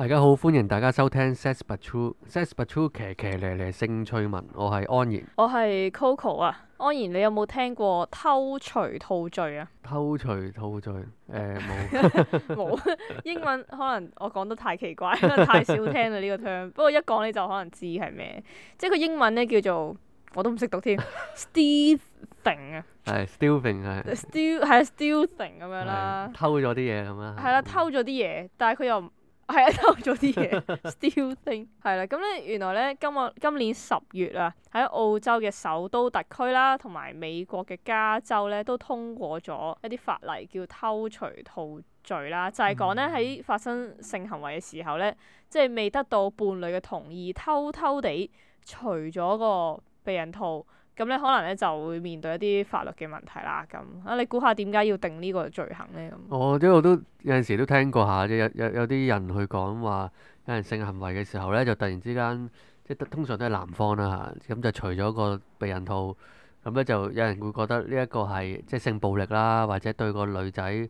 大家好，歡迎大家收聽 Sex Patrol，Sex Patrol 騎騎咧咧性趣聞，我係安然，我係 Coco 啊。安然，你有冇聽過偷除套罪啊？偷除套罪誒，冇、呃、冇 英文可能我講得太奇怪，因為太少聽啦呢個 term。 不過一講你就可能知係咩，即係佢英文咧叫做我都唔識讀添 ，Stealthing 啊，係 Stealthing 啊，Steal 係 Stealthing 咁樣啦，偷咗啲嘢咁啦，係啦，偷咗啲嘢，但係佢又。係啊，偷咗啲嘢，Stealing 係啦，咁咧 原來咧，今個今年十月啊，喺澳洲嘅首都特區啦，同埋美國嘅加州咧，都通過咗一啲法例叫偷除套罪啦，就係講咧喺發生性行為嘅時候咧，嗯、即係未得到伴侶嘅同意，偷偷地除咗個避孕套。咁咧可能咧就會面對一啲法律嘅問題啦。咁啊，你估下點解要定呢個罪行咧？咁哦，即係我都有陣時都聽過下有有有啲人去講話，有人性行為嘅時候咧，就突然之間即係通常都係男方啦嚇。咁、啊嗯、就除咗個避孕套，咁、嗯、咧就有人會覺得呢一個係即係性暴力啦，或者對個女仔誒、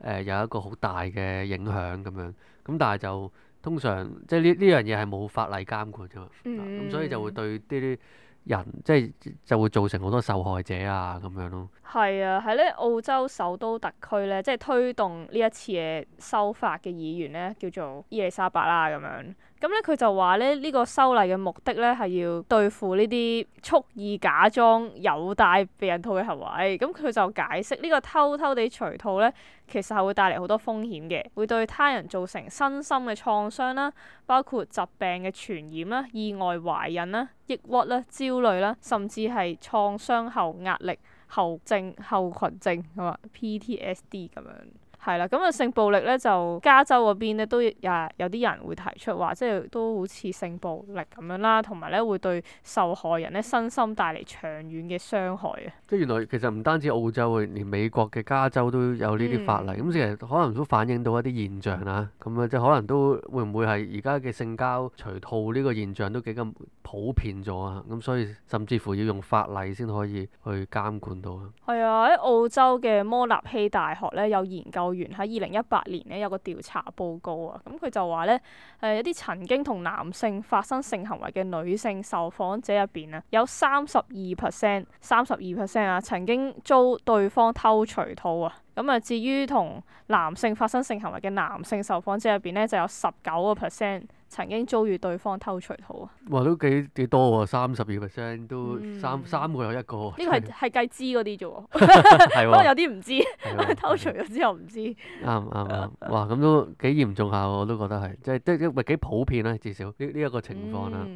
呃、有一個好大嘅影響咁樣。咁但係就通常即係呢呢樣嘢係冇法例監管㗎嘛。咁、啊嗯嗯、所以就會對啲。人即係就會造成好多受害者啊咁樣咯。係啊，喺呢澳洲首都特區咧，即係推動呢一次嘅修法嘅議員咧，叫做伊麗莎白啦咁樣。咁咧佢就話咧，呢、這個修例嘅目的咧係要對付呢啲蓄意假裝有帶避孕套嘅行為。咁、嗯、佢就解釋呢個偷偷地除套咧。其實係會帶嚟好多風險嘅，會對他人造成身心嘅創傷啦，包括疾病嘅傳染啦、意外懷孕啦、抑鬱啦、焦慮啦，甚至係創傷後壓力後症、後群症啊，PTSD 咁樣。係啦，咁啊、嗯、性暴力咧就加州嗰邊咧都啊有啲人會提出話，即係都好似性暴力咁樣啦，同埋咧會對受害人咧身心帶嚟長遠嘅傷害啊。即係原來其實唔單止澳洲啊，連美國嘅加州都有呢啲法例。咁其實可能都反映到一啲現象啦。咁啊即係可能都會唔會係而家嘅性交除套呢個現象都幾咁普遍咗啊。咁所以甚至乎要用法例先可以去監管到啊。係啊，喺澳洲嘅摩納希大學咧有研究。員喺二零一八年咧有個調查報告啊，咁、嗯、佢就話咧係一啲曾經同男性發生性行為嘅女性受訪者入邊啊，有三十二 percent，三十二 percent 啊曾經遭對方偷除套啊，咁、嗯、啊至於同男性發生性行為嘅男性受訪者入邊咧就有十九個 percent。曾經遭遇對方偷除套啊！哇，都幾幾多喎，三十二 percent 都三、嗯、三個有一個。呢個係係計知嗰啲啫喎， 不過有啲唔知， 偷除咗之後唔知。啱啱啱，哇咁都幾嚴重下喎，我都覺得係，即係都都咪幾普遍咧、啊，至少呢呢一個情況啦、啊。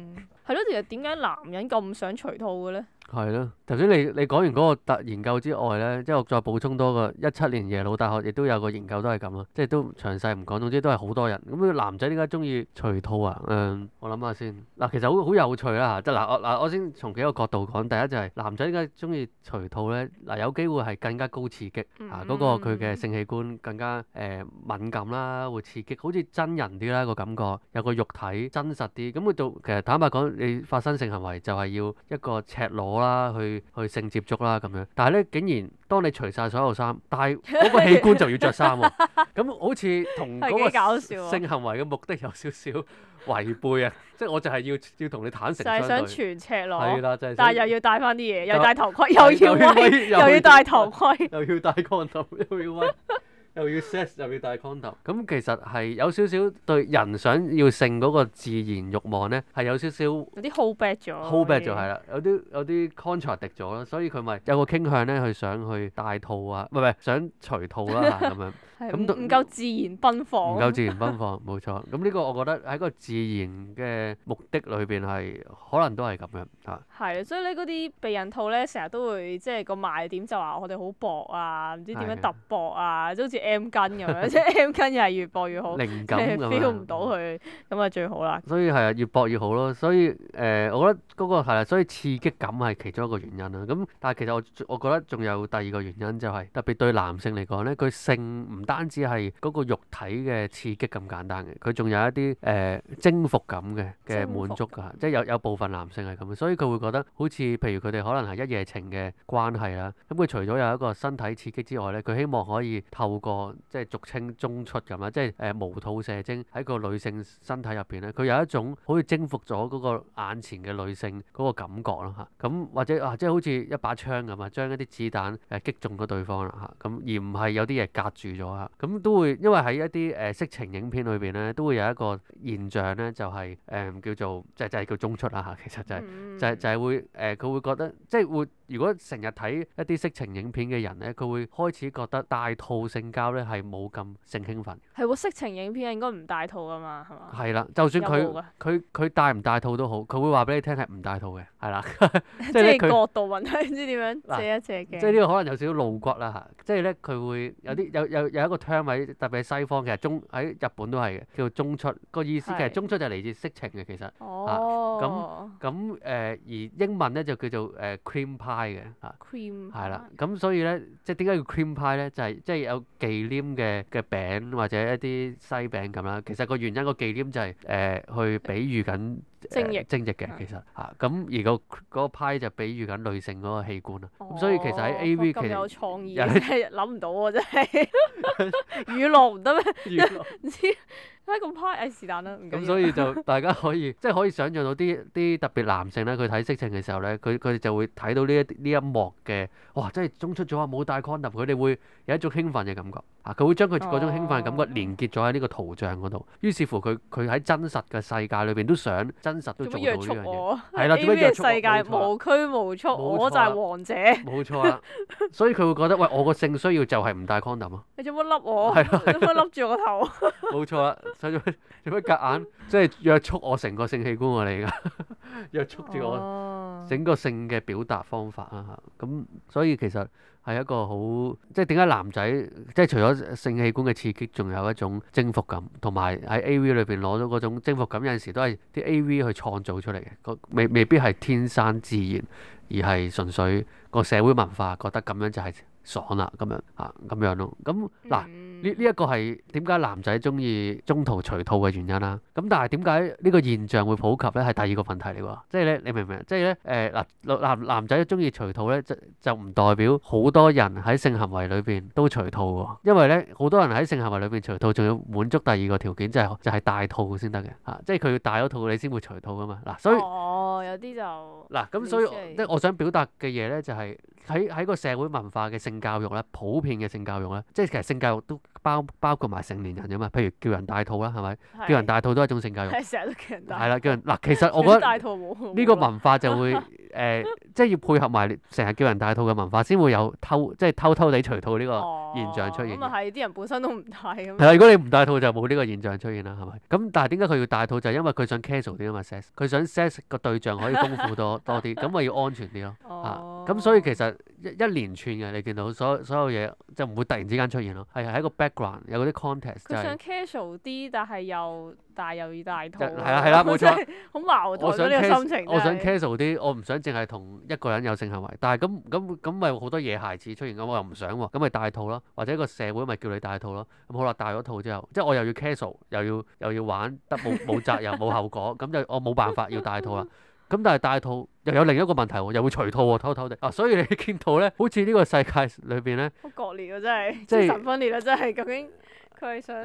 係咯、嗯，其實點解男人咁想除套嘅咧？係咯，頭先你你講完嗰個特研究之外咧，即我再補充多個一七年耶魯大學亦都有個研究都係咁啊，即都詳細唔講，總之都係好多人。咁個男仔點解中意除套啊？誒、嗯，我諗下先。嗱，其實好好有趣啦，即係嗱，嗱我，我先從幾個角度講。第一就係男仔點解中意除套咧？嗱，有機會係更加高刺激啊，嗰、那個佢嘅性器官更加誒、呃、敏感啦，會刺激，好似真人啲啦、那個感覺，有個肉體真實啲。咁佢做其實坦白講，你發生性行為就係要一個赤裸。啦，去去性接觸啦咁樣，但係咧竟然當你除晒所有衫，但係嗰個器官就要着衫喎，咁 好似同嗰個性行為嘅目的有少少違背啊！即係 我就係要要同你坦誠，就係想全赤裸，係啦，就係、是，但係又要戴翻啲嘢，又戴頭盔，又要戴就頭盔， 又要戴鋼頭，又要威。又要 sex 又要戴 condom，咁其實係有少少對人想要性嗰個自然欲望咧，係有少少有啲 hold back 咗，hold back 咗係啦，有啲有啲 contract 滴咗啦，所以佢咪有個傾向咧，佢想去戴套啊，唔係唔係想除套啦咁樣。 咁唔、嗯、夠自然奔放，唔夠自然奔放，冇 錯。咁呢個我覺得喺個自然嘅目的裏邊係可能都係咁樣嚇。係啊，所以咧嗰啲避孕套咧，成日都會即係個賣點就話我哋好薄啊，唔知點樣突薄啊，即係是的 好似 M 巾咁樣，即係 M 巾又係越薄越好，靈感 f e e l 唔到佢咁啊最好啦。所以係啊，越薄越好咯。所以誒、呃，我覺得嗰、那個係啦，所以刺激感係其中一個原因啦、啊。咁但係其實我我覺得仲有第二個原因就係特別對男性嚟講咧，佢性唔，性單止係嗰個肉體嘅刺激咁簡單嘅，佢仲有一啲誒、呃、征服感嘅嘅滿足㗎，即係有有部分男性係咁，所以佢會覺得好似譬如佢哋可能係一夜情嘅關係啦，咁、嗯、佢除咗有一個身體刺激之外咧，佢希望可以透過即係、就是、俗稱中出咁啦，即係誒無套射精喺個女性身體入邊咧，佢有一種好似征服咗嗰個眼前嘅女性嗰個感覺啦嚇，咁、嗯、或者啊即係、就是、好似一把槍咁啊，將一啲子彈誒、嗯、擊中咗對方啦嚇，咁、嗯、而唔係有啲嘢隔住咗。啊，咁都會，因為喺一啲誒、呃、色情影片裏邊咧，都會有一個現象咧，就係、是、誒、呃、叫做，就是、就係、是、叫中出啊，其實就係、是嗯、就係、是、就係、是、會誒，佢、呃、會覺得即係、就是、會。如果成日睇一啲色情影片嘅人咧，佢會開始覺得帶套性交咧係冇咁性興奮。係喎，色情影片應該唔帶套噶嘛，係嘛吧？係啦，就算佢佢佢帶唔帶套都好，佢會話俾你聽係唔帶套嘅，係啦。即係角度問題，唔知點樣借、啊、一借嘅。即係呢個可能有少少露骨啦嚇。即係咧，佢、就是、會有啲有有有一個 term 喺特別係西方嘅，中喺日本都係嘅，叫做中出。個意思其實中出就嚟自色情嘅其實。哦。咁咁誒，而英文咧就叫做誒 creampie。派嘅啊，係啦，咁所以咧，即係點解叫 cream pie 咧？就係即係有忌廉嘅嘅餅或者一啲西餅咁啦。其實個原因個忌廉就係、是、誒、呃、去比喻緊。精液，精液嘅其實嚇，咁是而個嗰個 pie 就比喻緊女性嗰個器官啊。咁、哦、所以其實喺 AV，其實諗唔到啊真係。娛樂唔得咩？唔知呢個 pie，哎是但啦。咁所以就大家可以，即係 可以想像到啲啲特別男性咧，佢睇色情嘅時候咧，佢佢就會睇到呢一呢一幕嘅，哇！真係中出咗啊，冇戴 condom，佢哋會有一種興奮嘅感覺啊。佢會將佢嗰種興奮嘅感覺連結咗喺呢個圖像嗰度、啊，於是乎佢佢喺真實嘅世界裏邊都想真。真真實都捉到呢樣嘢，係啦，A. V. 世界無拘無束，我就係王者，冇錯啦。所以佢會覺得，喂，我個性需要就係唔戴 condom 咯、啊。你做乜笠我？係啦，做乜笠住我個頭？冇錯啦，所以做乜夾硬，即係約束我成個性器官我嚟噶，約束住我整個性嘅表達方法啊。咁所以其實。係一個好，即係點解男仔即係除咗性器官嘅刺激，仲有一種征服感，同埋喺 AV 裏邊攞到嗰種征服感，有陣時都係啲 AV 去創造出嚟嘅，未未必係天生自然，而係純粹個社會文化覺得咁樣就係爽啦，咁樣啊，咁樣咯，咁嗱。呢呢一個係點解男仔中意中途除套嘅原因啦、啊？咁但係點解呢個現象會普及咧？係第二個問題嚟喎。即係咧，你明唔明？即係咧，誒、呃、嗱，男男仔中意除套咧，就就唔代表好多人喺性行為裏邊都除套喎。因為咧，好多人喺性行為裏邊除套，仲要滿足第二個條件，即係就係、是就是、戴套先得嘅嚇。即係佢要戴咗套，你先會除套噶嘛。嗱、啊，所以、哦、有啲就嗱咁，啊嗯、是所以即係我想表達嘅嘢咧，就係喺喺個社會文化嘅性教育咧，普遍嘅性教育咧，即係其實性教育都。包包括埋成年人嘅嘛，譬如叫人戴套啦，係咪？是叫人戴套都係一種性教育。係成日都叫人戴。係啦，叫人嗱、啊，其實我覺得呢個文化就會誒、 呃，即係要配合埋成日叫人戴套嘅文化，先會有偷即係偷偷地除套呢個現象出現。咁係、哦，啦，如果你唔戴套，就冇呢個現象出現啦，係咪？咁但係點解佢要戴套？就係、是、因為佢想 casual 啲啊嘛，sex 佢想 sex 個對象可以豐富多 多啲，咁咪要安全啲咯。哦。啊咁、嗯嗯、所以其實一一連串嘅，你見到所有所有嘢就唔會突然之間出現咯，係一個 background 有嗰啲 context。佢想 casual 啲，但係又但係又要戴套。係啦係啦，冇、嗯、錯。好矛盾呢個心情我。我想 casual 啲，我唔想淨係同一個人有性行為，但係咁咁咁咪好多野孩子出現咁，我又唔想喎、啊，咁咪戴套咯，或者個社會咪叫你戴套咯。咁好啦，戴咗套之後，即係我又要 casual，又要又要玩得冇冇責任冇 後果，咁就我冇辦法要戴套啦。 咁但係帶套，又有另一個問題喎，又會除套喎，偷偷地啊，所以你見到咧，好似呢個世界裏邊咧，好割裂啊，真係是精神分裂啊，真係，究竟佢係想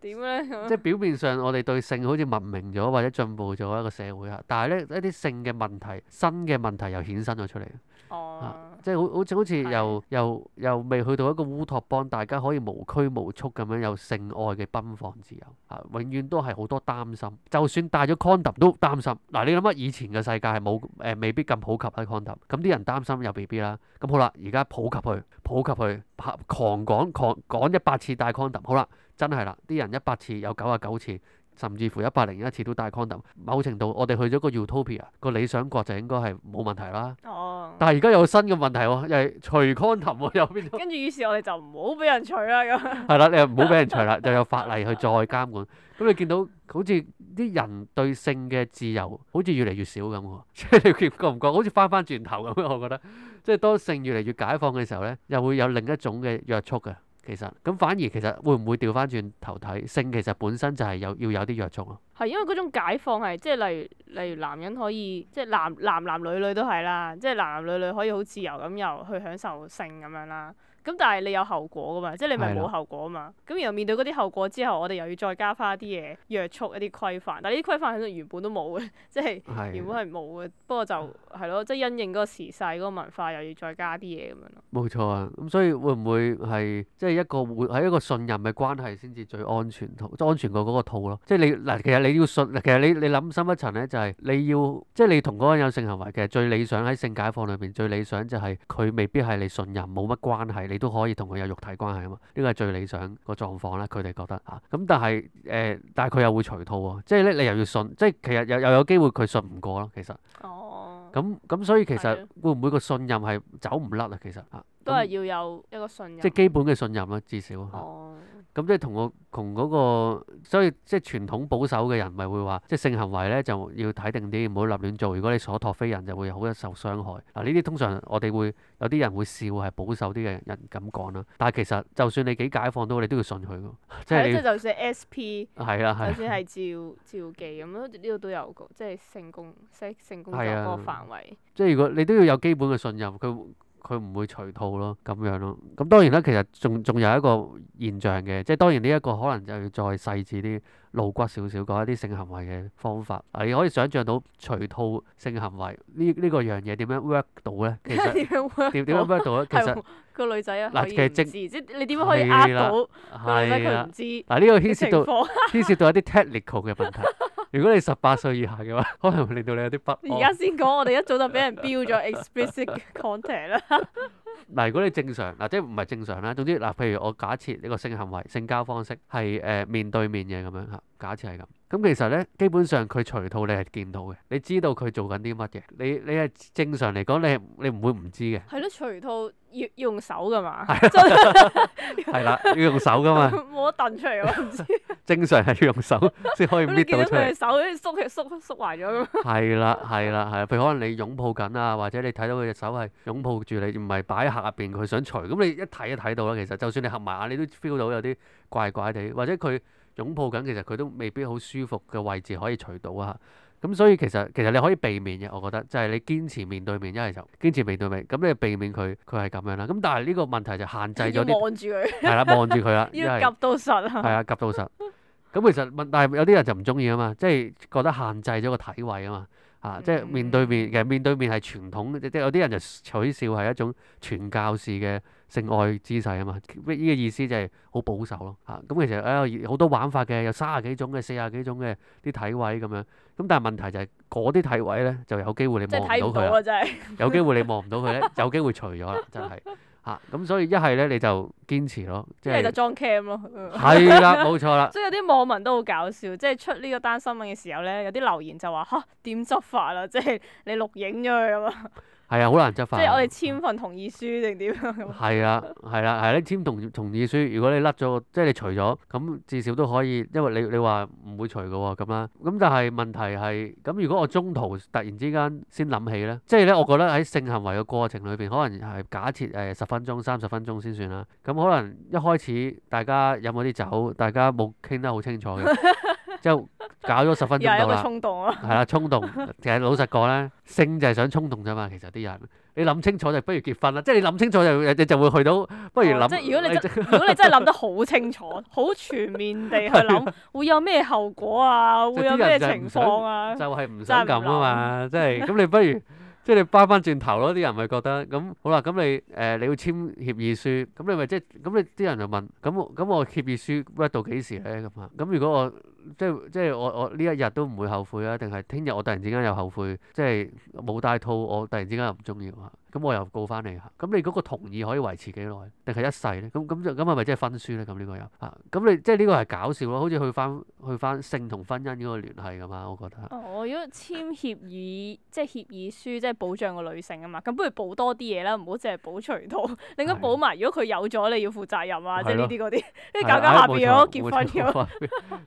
點咧咁？ 即係表面上我哋對性好似文明咗或者進步咗一個社會啊，但係咧一啲性嘅問題、新嘅問題又衍生咗出嚟。哦、oh. 啊。即係好好似好似又又又未去到一個烏托邦，大家可以無拘無束咁樣有性愛嘅奔放自由啊！永遠都係好多擔心，就算戴咗 condom 都擔心。嗱、啊，你諗下以前嘅世界係冇誒，未必咁普及喺 condom。咁、啊、啲、嗯、人擔心又未必啦。咁、嗯、好啦，而家普及去，普及去，拍狂講狂講一百次戴 condom，好啦，真係啦，啲人一百次有九十九次。甚至乎一百零一次都戴 condom，某程度我哋去咗個 utopia 個理想國就應該係冇問題啦。Oh. 但係而家有新嘅問題喎，又係除 condom 喎，有邊度？跟住於是我，我哋就唔好俾人除啦咁。係 啦，你又唔好俾人除啦， 就有法例去再監管。咁 你見到好似啲人對性嘅自由，好似越嚟越少咁喎。即 係你覺唔覺？好似翻翻轉頭咁樣！我覺得即係當性越嚟越解放嘅時候咧，又會有另一種嘅約束㗎。其實咁，反而其實會唔會調翻轉頭睇，性其實本身就係有要有啲約束、啊。咯。係因為嗰種解放係，即係例如例如，男人可以即係，男男男女女都係啦，即係男男女女可以好自由咁又去享受性咁樣啦。咁但係你有後果㗎嘛？即係你咪冇後果嘛？咁是的 然後面對嗰啲後果之後，我哋又要再加返啲嘢約束一啲規範。但係呢啲規範其實原本都冇嘅，即係原本係冇嘅。是的 不過就係、是、咯，即係的因應嗰個時勢、嗰個文化，又要再加啲嘢咁樣咯。冇錯啊！咁所以會唔會係即係一個互喺一個信任嘅關係先至最安全套，最安全過嗰個套咯？即係你嗱，其實你要信其實你你諗深一層咧，就係你要即係你同嗰個人有性行為，其實最理想喺性解放裏面，最理想就係佢未必係你信任，冇乜關係。你都可以同佢有肉體關係啊嘛，呢個係最理想個狀況啦。佢哋覺得啊，咁但係誒、呃，但係佢又會除套喎，即係咧你又要信，即係其實又又有機會佢信唔過咯。其實咁咁、哦嗯嗯、所以其實會唔會個信任係走唔甩啊？其實啊。都係要有一個信任，嗯、即基本嘅信任咯，至少。咁、哦嗯嗯、即同我同嗰、嗰個，所以即係傳統保守嘅人咪會話，即性行為咧就要睇定啲，唔好立亂做。如果你所託非人，就會好受傷害。嗱、呃，呢啲通常我哋會有啲人會笑係保守啲嘅人咁講啦。但係其實就算你幾解放都，你都要信佢喎。即係，哎、即就算 S.P、 啊。係啦、啊，係。就算係照趙記咁，呢度都有個，即係 性工，即係性工作者個範圍 、啊。即如果你都要有基本嘅信任，佢。佢唔會除套咯，咁樣咯。咁、嗯、當然啦，其實仲仲有一個現象嘅，即係當然呢一個可能就要再細緻啲露骨少少講一啲性行為嘅方法。啊，你可以想像到除套性行為呢呢、呢個樣嘢點樣 work 到咧？點點樣 work 到咧？其實個女仔啊，嗱，其實即你點樣可以呃到，令到佢唔知？嗱、啊，呢、呢個牽涉到牽涉 到一啲 technical 嘅問題。如果你十八歲以下嘅話，可能會令到你有啲不安。而家先講，我哋一早就俾人標咗 explicit content 啦。 嗱，如果你正常，嗱即係唔係正常啦。總之嗱，譬如我假設呢個性行為、性交方式係誒面對面嘅咁樣嚇，假設係咁。咁其實咧，基本上佢除套你係見到嘅，你知道佢做緊啲乜嘅。你你係正常嚟講，你你唔會唔知嘅。係咯，除套要用手㗎嘛。係啦，要用手㗎嘛。冇得褪出嚟㗎嘛。正常係要用手先可以搣到出嚟。你見到佢隻手好似縮嘅縮縮埋咗咁。係啦係啦係，譬如可能你擁抱緊啊，或者你睇到佢隻手係擁抱住你，唔係擺。.客入邊佢想除，咁你一睇就睇到啦，其實就算你合埋眼你都 feel 到有啲怪怪地，或者佢擁抱緊，其實佢都未必好舒服嘅位置可以除到啊。咁所以其實其實你可以避免嘅，我覺得就係你堅持面對面，一係就堅持面對面，咁你避免佢佢係咁樣啦。咁但係呢個問題就限制咗啲，望住佢，係啦，望住佢啦，要 𥄫 到實啊，係啊 𥄫 到實。咁其實問，但係有啲人就唔中意啊嘛，即係覺得限制咗個體位啊嘛。啊！即係面對面，其實、嗯、面對面係傳統，即係有啲人就取笑係一種傳教士嘅性愛姿勢啊嘛。呢、這個意思就係好保守咯。咁、啊嗯、其實誒好、啊、多玩法嘅，有三十幾種嘅、四十幾種嘅啲體位咁樣。咁但係問題就係嗰啲體位咧，就有機會你望唔到佢，有機會你望唔到佢咧， 有機會除咗啦，真係。嚇！咁、啊、所以一係咧你就堅持咯，一係就裝 cam 咯，係啦，冇、 就是、錯啦。即 係有啲網民都好搞笑，即係出呢個單新聞嘅時候咧，有啲留言就話嚇點執法呀？即係你錄影咗佢咁啊！係啊，好難執法。即係我哋簽份同意書定點啊？係 啊，係啊，係咧，你簽同同意書。如果你甩咗，即係你除咗，咁至少都可以，因為你你話唔會除㗎喎，咁啦。咁但係問題係，咁如果我中途突然之間先諗起咧，即係咧，我覺得喺性行為嘅過程裏邊，可能係假設誒十分鐘、三十分鐘先算啦。咁可能一開始大家飲嗰啲酒，大家冇傾得好清楚嘅。 即係搞咗十分鐘到啦，係啦，衝動，其實老實講咧，性就係想衝動啫嘛。其實啲人你諗清楚就不如結婚啦，即係你諗清楚就你就會去到不如諗。即係如果你真如果你真係諗得好清楚、好全面地去諗，會有咩後果啊？會有咩情況啊？就係唔想咁啊嘛，即係咁你不如即係你翻翻轉頭咯。啲人咪覺得咁好啦，咁你誒你要簽協議書，咁你咪即係咁你啲人就問咁，咁我協議書約到幾時咧？咁啊，咁如果我即係即係我我呢一日都唔會後悔啊，定係聽日我突然之間又後悔，即係冇帶套，我突然之間又唔中意，咁我又告翻你啊？咁你嗰個同意可以維持幾耐啊，定係一世咧？咁咁咁係咪即係分輸分書咧？咁呢個又？咁你即係呢個係搞笑咯，好似去翻去翻性同婚姻嗰個聯繫㗎嘛？我覺得哦，如果簽協議即係 協議書，即係保障個女性啊嘛。咁不如保多啲嘢啦，唔好淨係保除套。 你應該保埋，如果佢有咗，你要負責任啊是的， 即係呢啲嗰啲。跟住搞搞下邊有結婚咁，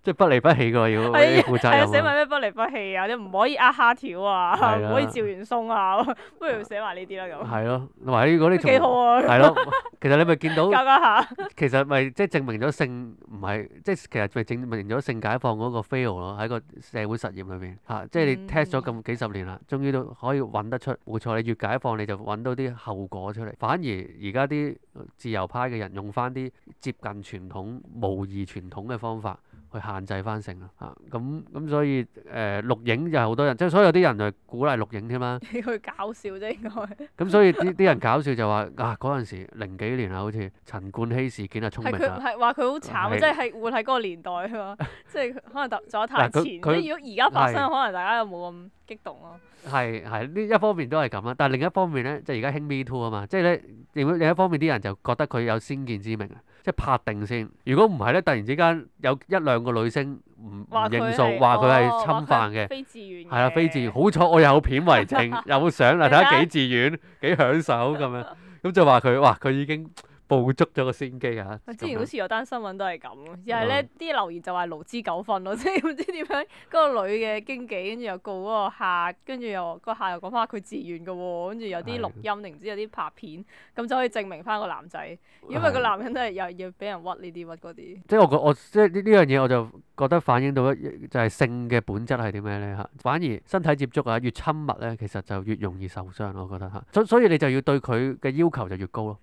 即係不利。不棄個要負責任，寫埋咩不離不棄啊！你唔可以呃蝦條啊，唔的可以趙完鬆啊，不如寫埋呢啲啦咁。係咯，埋呢啲幾好啊？係咯的， 其實你咪見到，其實咪即係證明咗性唔係，即係其實咪證明咗性解放嗰個 fail 咯，喺個社會實驗裏邊嚇，即係你 test 咗咁幾十年啦，終於都可以揾得出冇錯，你越解放你就揾到啲後果出嚟。反而而家啲自由派嘅人用翻啲接近傳統、模擬傳統嘅方法。去限制翻成啦嚇，咁咁所以誒錄影就係好多人，即係所以有啲人就鼓勵錄影添啦。你去搞笑啫應該。咁所以啲啲人搞笑就話啊，嗰陣時零幾年啊，好似陳冠希事件啊，聰明啦。係佢唔係話佢好慘啊，即係活喺嗰個年代啊嘛，即係可能走走得太前。嗱佢佢如果而家發生，可能大家又冇咁激動咯。係係呢一方面都係咁啦，但係另一方面咧，即係而家興 Me Too 啊嘛，即係咧另一另一方面啲人就覺得佢有先見之明啊。即係拍定先，如果唔係咧，突然之間有一兩個女星唔唔認數，話佢係侵犯嘅，係啦、哦，非自願。好彩我有片為證， 有相啊，睇下幾自願，幾享受咁樣，咁就話佢，哇，佢已經。捕捉咗個先機嚇、啊，之前好似有單新聞都係咁，又係咧啲留言就話勞資糾紛咯，即係唔知點樣嗰個女嘅經紀，跟住又告嗰個客，跟住又個客又講翻佢自願嘅喎、哦，跟住有啲錄音定唔知有啲拍片，咁就可以證明翻個男仔，因為個男人都係又要俾人屈呢啲屈嗰啲。即係我覺我即係呢呢樣嘢，我就覺得反映到一就係性嘅本質係點樣咧嚇。反而身體接觸啊，越親密咧，其實就越容易受傷咯，我覺得嚇。所、啊、所以你就要對佢嘅要求就越高咯。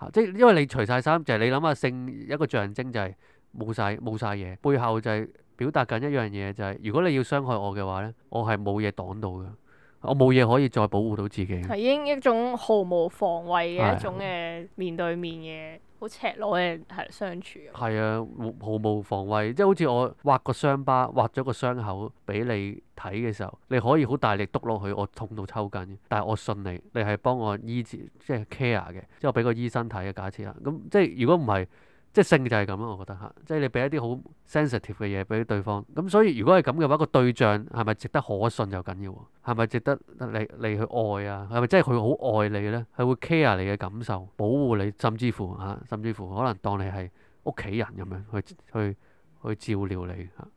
嚇！即係因為你除晒衫，就係，是，你諗下性一個象徵就係冇晒冇曬嘢，背後就係表達緊一樣嘢，就是，就係如果你要傷害我嘅話咧，我係冇嘢擋到嘅，我冇嘢可以再保護到自己。係已經一種毫無防衞嘅一種嘅面對面嘅。好赤裸嘅係相處，係啊，毫毫無防衞，即係好似我挖個傷疤，挖咗個傷口俾你睇嘅時候，你可以好大力督落去，我痛到抽筋。但係我信你，你係幫我醫治，即係 care 嘅。即係我俾個醫生睇嘅假設啦。咁即係如果唔係。即性就係咁咯，我覺得嚇。即你俾一啲好 sensitive 嘅嘢俾對方咁，所以如果係咁嘅話，個對象係咪值得可信就緊要喎，係咪值得你你去愛啊？係咪即係佢好愛你咧？係會 care 你嘅感受，保護你，甚至乎嚇、啊，甚至乎可能當你係屋企人咁樣去去去照料你嚇。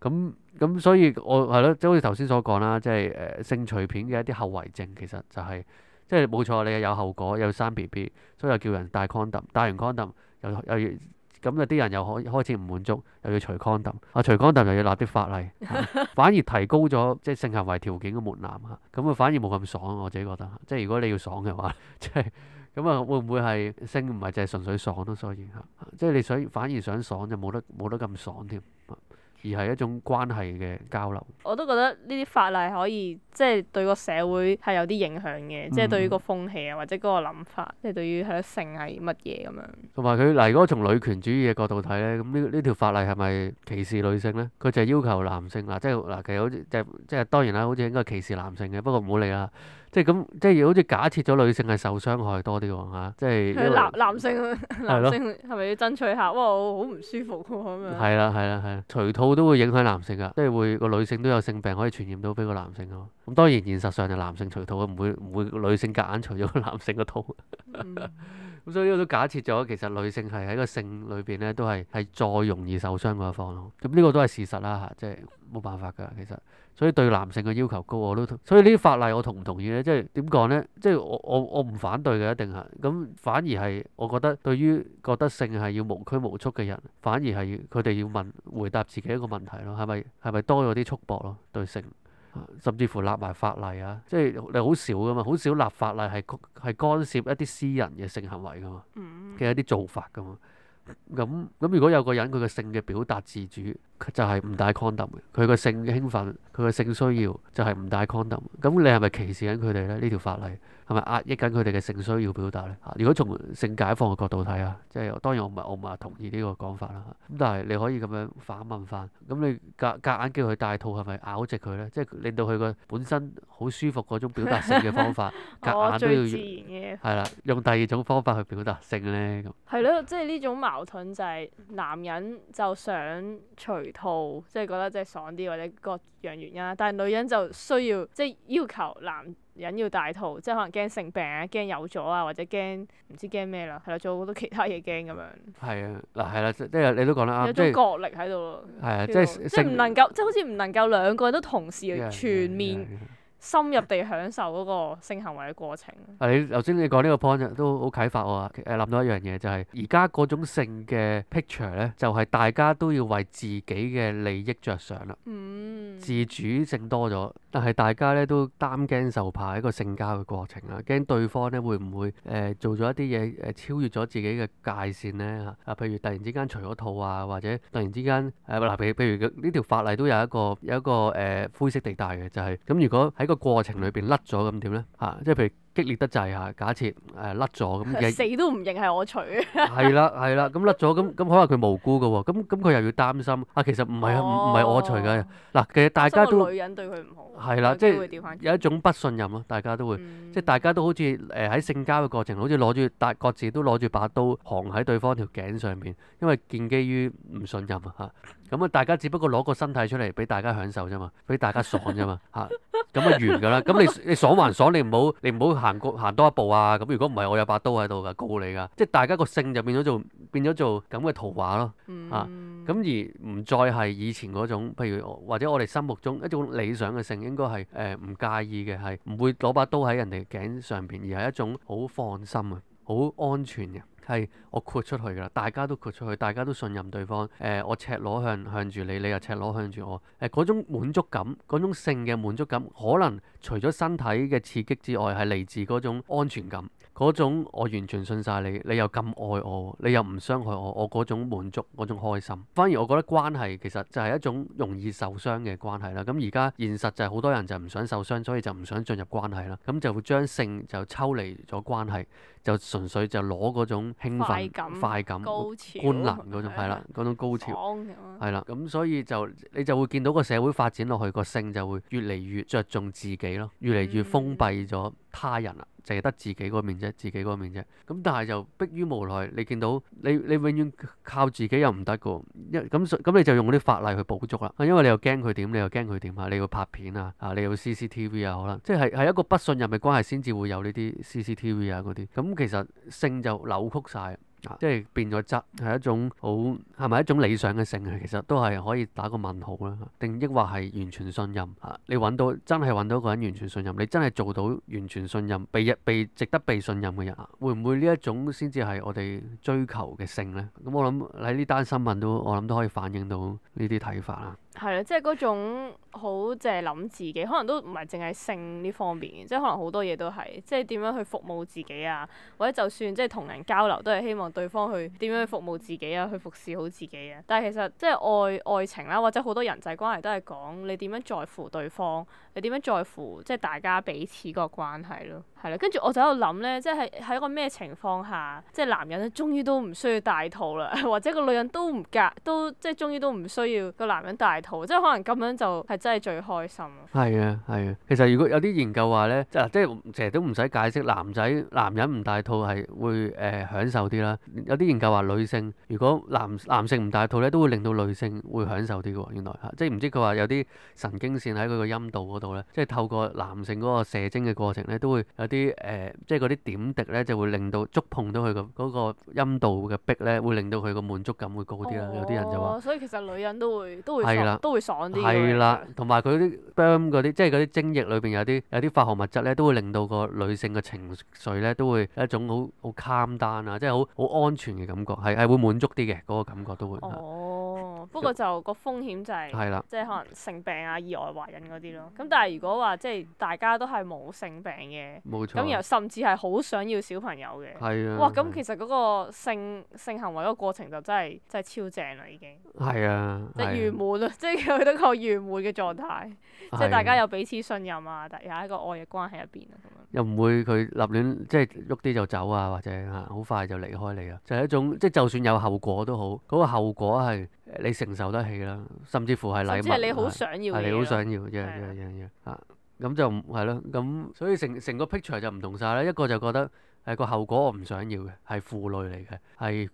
咁、啊、咁，所以我係咯，即好似頭先所講啦，即係誒性隨便嘅一啲後遺症，其實就係即係冇錯，你係有後果，有生 B B，所以又叫人戴 condom，戴完 condom。又又要咁啊！啲人又可以開始唔滿足，又要除 condom，啊除 condom 又要立啲法例、啊，反而提高咗即係性行為條件嘅門檻啊！咁啊、嗯、反而冇咁爽、啊，我自己覺得。啊嗯、即係如果你要爽嘅話，即係咁啊，嗯、會唔會係性唔係淨係純粹爽咯、啊？所以、啊嗯啊、即係你想反而想爽就冇得冇得咁爽添、啊啊，而係一種關係嘅交流。我都覺得呢啲法例可以。即係對個社會係有啲影響嘅，嗯、即係對於個風氣啊，或者嗰個諗法，即係對於係性係乜嘢咁樣。同埋佢嗱，如果從女權主義嘅角度睇咧，咁呢呢條法例係咪歧視女性咧？佢就係要求男性嗱，即係嗱，其實好似即係即係當然啦，好似應該歧視男性嘅，不過唔好理啦。即係咁，即係好似假設咗女性係受傷害多啲喎嚇，即係男男性男性係咪要爭取下？哇，我好唔舒服咁樣。係啦係啦係啦，除套都會影響男性㗎，即係會個女性都有性病可以傳染到俾個男性㗎。咁當然現實上就男性除套，唔會唔會女性夾硬除咗男性嘅套。咁、 嗯、 所以呢個都假設咗，其實女性係喺個性裏邊咧，都係係再容易受傷嗰一方咯。咁呢個都係事實啦，嚇，即係冇辦法㗎。其實，所以對男性嘅要求高，我都同所以呢啲法例我同同我，我同唔同意咧？即係點講咧？即係我我我唔反對嘅，一定係。咁反而係，我覺得對於覺得性係要無拘無束嘅人，反而係佢哋要問回答自己一個問題咯，係咪係咪多咗啲束縛咯？對性。甚至乎立埋法例啊，即係你好少噶嘛，好少立法例係干涉一啲私人嘅性行為噶嘛嘅一啲做法噶嘛。咁咁如果有個人佢個性嘅表達自主，就係唔戴 condom 佢個性興奮，佢個性需要就係唔戴 condom。咁你係咪歧視緊佢哋咧？呢條法例？係咪壓抑緊佢哋嘅性需要表達咧？如果從性解放嘅角度睇啊，即係當然我唔係我唔係同意呢個講法啦。咁但係你可以咁樣反問翻，咁你夾夾硬叫佢戴套係咪咬直佢咧？即係令到佢個本身好舒服嗰種表達性嘅方法，夾硬 都要係啦，用第二種方法去表達性咧咁。係咯，即係呢種矛盾就係男人就想除套，即係覺得即係爽啲，或者，那個。樣原因，但係女人就需要即係要求男人要戴套，即係可能驚性病啊，驚有咗啊，或者驚唔知驚咩啦，係啦，做好多其他嘢驚咁樣。係啊，嗱係啦，即係你都講得啱，有種角力喺度咯。係啊，即係即係唔能夠，即係好似唔能夠兩個人都同時 yeah, 全面。Yeah, yeah, yeah. 深入地享受嗰個性行為嘅過程。啊，你頭先你講呢個 point 都好啟發我啊！誒諗到一樣嘢就係，而家嗰種性嘅 picture 咧，就係大家都要為自己嘅利益着想啦。嗯，自主性多咗。但係大家咧都擔驚受怕一個性交嘅過程啦，驚對方咧會唔會誒、呃、做咗一啲嘢誒超越咗自己嘅界線咧啊，譬如突然之間除咗套啊，或者突然之間誒嗱，譬如譬如呢條法例都有一個有一個誒、呃、灰色地帶嘅，就係、是、咁。如果喺個過程裏邊甩咗咁點咧嚇？即係、啊、譬如。激烈得滯嚇，假設誒甩咗咁，呃、死都唔認係我除。係啦係啦，咁甩咗咁咁，可能佢無辜嘅喎，咁咁佢又要擔心啊。其實唔係啊，唔唔、哦、係我除嘅嗱。其實大家都女人對佢唔好，係啦的，即係有一種不信任咯。大家都會、嗯、即係大家都好似誒喺性交嘅過程，好似攞住搭，各自都攞住把刀行喺對方條頸上面，因為建基於唔信任啊。咁啊，大家只不過攞個身體出嚟俾大家享受啫嘛，俾大家爽啫嘛，吓咁 啊完㗎啦。咁你你爽還爽，你唔好你唔好行過行多一步啊。咁如果唔係，我有把刀喺度㗎，告你㗎。即係大家個性就變咗做變咗做咁嘅圖畫咯，吓、啊、咁、嗯啊、而唔再係以前嗰種，譬如或者我哋心目中一種理想嘅性應該，應該係誒唔介意嘅，係唔會攞把刀喺人哋頸上邊，而係一種好放心啊，好安全嘅。係我豁出去㗎啦，大家都豁出去，大家都信任對方。誒、呃，我赤裸向向住你，你又赤裸向住我。誒、呃，嗰種滿足感，嗰種性嘅滿足感，可能除咗身體嘅刺激之外，係嚟自嗰種安全感。嗰種我完全信晒你，你又咁愛我，你又唔傷害我，我嗰種滿足、嗰種開心，反而我覺得關係其實就係一種容易受傷嘅關係啦。咁而家現實就係好多人就唔想受傷，所以就唔想進入關係啦。咁就會將性就抽離咗關係，就純粹就攞嗰種興奮快感、快感高潮、官能嗰種係啦，嗰種高潮係啦。咁所以就你就會見到個社會發展落去，個性就會越嚟越着重自己咯，越嚟越封閉咗他人啦。嗯淨係得自己嗰面啫，自己嗰面啫。咁但係就迫於無奈，你見到你你永遠靠自己又唔得噶喎，一咁咁你就用嗰啲法例去補足啦。因為你又驚佢點，你又驚佢點啊，你要拍片啊，啊你要 CCTV 啊，可能即係係一個不信任嘅關係先至會有呢啲 CCTV 啊嗰啲。咁其實性就扭曲晒。即係變咗質，係一種好，係咪一種理想嘅性啊？其實都係可以打個問號啦。定抑或係完全信任啊？你揾到真係揾到個人完全信任，你真係做到完全信任，被，被值得被信任嘅人，會唔會呢一種先至係我哋追求嘅性咧？咁我諗喺呢單新聞都我諗都可以反映到呢啲睇法啦。係啦，即係嗰種好凈係諗自己，可能都唔係淨係性呢方面，即係可能好多嘢都係，即係點樣去服務自己啊，或者就算即係同人交流都係希望對方去點樣去服務自己啊，去服侍好自己啊。但係其實即係愛愛情啦、啊，或者好多人際關係都係講你點樣在乎對方，你點樣在乎即係大家彼此個關係咯。係啦，跟住我就喺度諗咧，即係喺一個咩情況下，即係男人咧終於都唔需要帶套啦，或者個女人都唔夾，都即係終於都唔需要個男人帶套。即係可能咁樣就係真係最開心咯。係啊，係啊。其實如果有啲研究話咧，即係即係成日都唔使解釋，男仔男人唔戴套係會誒享受啲啦。有啲研究話女性如果男男性唔戴套咧，都會令到女性會享受啲嘅喎。原來即係唔知佢話有啲神經線喺佢個陰道嗰度咧，即係透過男性嗰個射精嘅過程咧，都會有啲誒，即係嗰啲點滴咧就會令到觸碰到佢個嗰個陰道嘅壁咧，會令到佢個滿足感會高啲啦。有啲人就話，所以其實女人都會都會。係啦。都會爽啲嘅，係啦，同埋佢啲 burn 嗰啲，即係嗰啲精液裏邊有啲 有啲化學物質咧，都會令到個女性嘅情緒咧，都會一種好好 calm down 啊，即係好好安全嘅感覺，係係會滿足啲嘅嗰個感覺都會。哦。不過就個風險就係，即係可能性病啊、是的 意外懷孕嗰啲咯。咁但係如果話即係大家都係冇性病嘅，咁又錯、啊、甚至係好想要小朋友嘅，是的 哇！咁其實嗰個性是的 性行為嗰個過程就真係真係超正啦，已經係啊，是的 即係圓滿咯，是的 即係佢都個圓滿嘅狀態，即係大家有彼此信任啊，又喺一個愛嘅關係入邊啊，咁樣是的 又唔會佢立亂即係喐啲就走啊，或者啊好快就離開你啊，就係、是、一種即係、就是、就算有後果都好，嗰個後果係。你承受得起啦，甚至乎係禮物，係你好想要嘅一樣一樣一樣啊！咁就唔係咯，咁所以成成個 picture 就唔同晒啦。一個就覺得誒個後果我唔想要嘅，係負累嚟嘅，係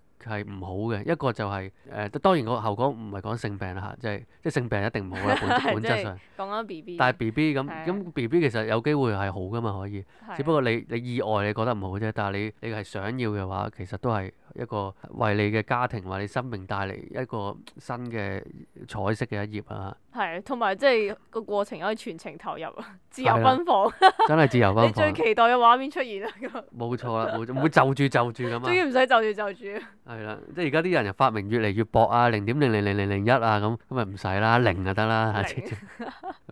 係唔好嘅。一個就係誒，當然個後果唔係講性病啦，即係即係性病一定唔好啦，本質上講緊 B B。但係 B B 咁，咁 B B 其實有機會係好噶嘛，可以。只不過你你意外你覺得唔好啫，但係你你係想要嘅話，其實都係。一個為你嘅家庭為你生命帶嚟一個新嘅彩色嘅一頁啊！係、啊，同埋即係個過程可以全程投入，自由奔放，真係自由奔放。 你最期待嘅畫面出現啊！冇錯啦，冇唔 會就住就住咁嘛，終於唔使就住就住。係啦，即係而家啲人又發明越嚟越薄啊，零點零零零零零一啊咁，咁咪唔使啦，零就得啦、啊，係 000. 道，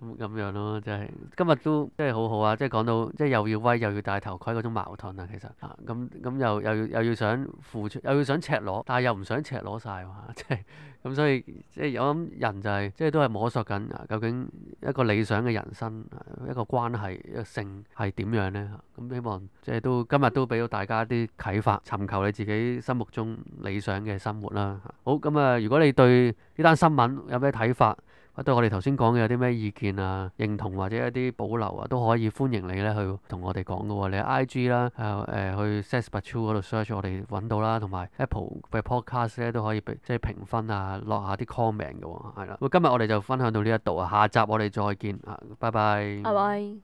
咁 咁樣咯、就是，真係今日都真係好好啊！即、就、係、是、講到即係又要威又要戴頭盔嗰種矛盾啊，其實 啊咁咁又又要又要想負。又要想赤裸，但係又唔想赤裸曬喎，即係咁，即係、所以即係、即係、我諗人就係即係都係摸索緊啊，究竟一個理想嘅人生、啊、一個關係、一個性係點樣咧？咁、啊嗯、希望即係、即係、都今日都俾到大家啲啟發，尋求你自己心目中理想嘅生活啦、啊。好咁啊、嗯，如果你對呢單新聞有咩睇法？對我哋頭先講嘅有啲咩意見啊，認同或者一啲保留啊，都可以歡迎你咧去同我哋講嘅喎，你 IG 啦誒誒、啊呃、去 Sespa Tool 嗰度 search 我哋揾到啦、啊，同埋 Apple 嘅 Podcast 咧都可以俾即係評分啊落下啲 comment 嘅喎、啊，係啦，咁今日我哋就分享到呢一度啊，下集我哋再見啊，拜拜。Bye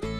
bye.